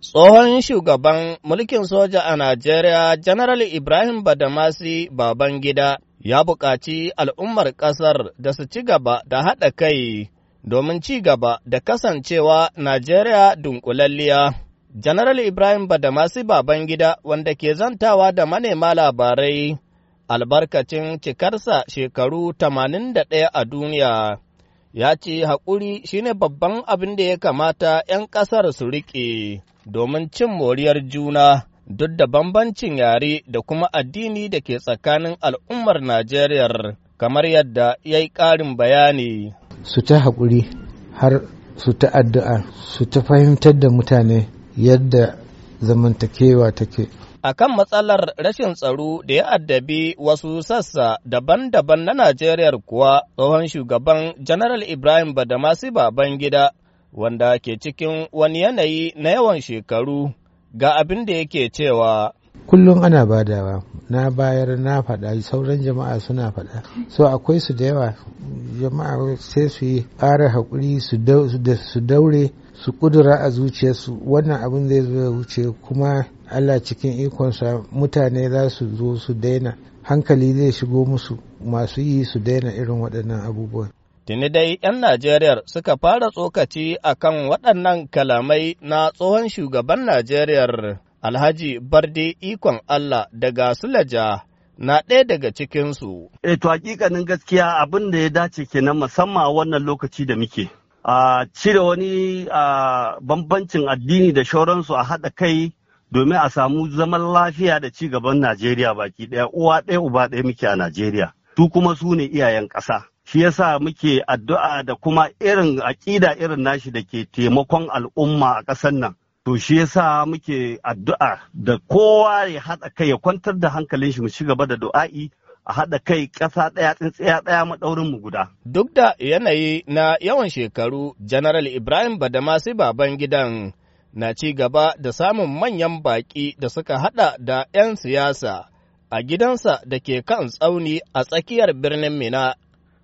Tsohon shugaban mulkin soja a Najeriya, Janaral Ibrahim Badamasi Babangida, ya buƙaci al'ummar ƙasar da su ci gaba da haɗa kai domin ci gaba da kasancewa Najeriya dunkulalliya. Janaral Ibrahim Badamasi Babangida, wanda ke zantawa da manema labarai, albarkacin cikarsa shekaru 81 a duniya, ya ce haƙuri shi ne babban abin da ya kamata ‘yan ƙasar su riƙe. domin cin moriyar juna duk da bambancin yare da kuma addini da ke tsakanin al'ummar Najeriya kamar yadda ya yi ƙarin bayani. Su ta haƙuri har su ta addu'a su ta fahimtar da mutane yadda zamantakewa take. A kan matsalar rashin tsaro da ya addabi wasu sassa daban-daban na Najeriya kuwa tsohon shugaban Janaral Ibrahim Badamasi Babangida wanda ke cikin wani yanayi na yawan shekaru ga abin da yake cewa kullum ana badawa na bayar na faɗa sauran jama'a suna faɗa so akwai su da yawa jama'a sai su yi ƙara haƙuri su daure su ƙudura a zuciyarsu wannan abin zai zo wuce kuma allah cikin ikonsa mutane za su zo su daina hankali zai shigo musu masu yi su daina irin waɗannan abubuwan Tuni dai ‘yan Najeriya suka fara tsokaci a kan waɗannan kalamai na tsohon shugaban Najeriya Alhaji Barde Ikon Allah daga Sulaja na ɗaya daga cikinsu. E to hakikanin gaskiya abin da ya dace kenan musamman a wannan lokaci da muke. A cire wani bambancin addini da shauransu a haɗa kai domin a samu zaman lafiya da ci gaban Najeriya baki ɗaya uwa ɗaya uba ɗaya muke a Najeriya. Su kuma su ne iyayen ƙasa. shi yasa muke addu'a da kuma irin aƙida irin nashi da ke taimakon al'umma a ƙasar nan to shi yasa muke addu'a da kowa ya haɗa kai ya kwantar da hankalin shi mu ci gaba da du'a'i a haɗa kai ƙasa ɗaya tsintsiya ɗaya maɗaurin mu guda. Duk da yanayi na yawan shekaru, General Ibrahim Badamasi baban gidan na ci gaba da samun manyan baƙi da suka haɗa da 'yan siyasa a gidansa da ke kan tsauni a tsakiyar birnin Mina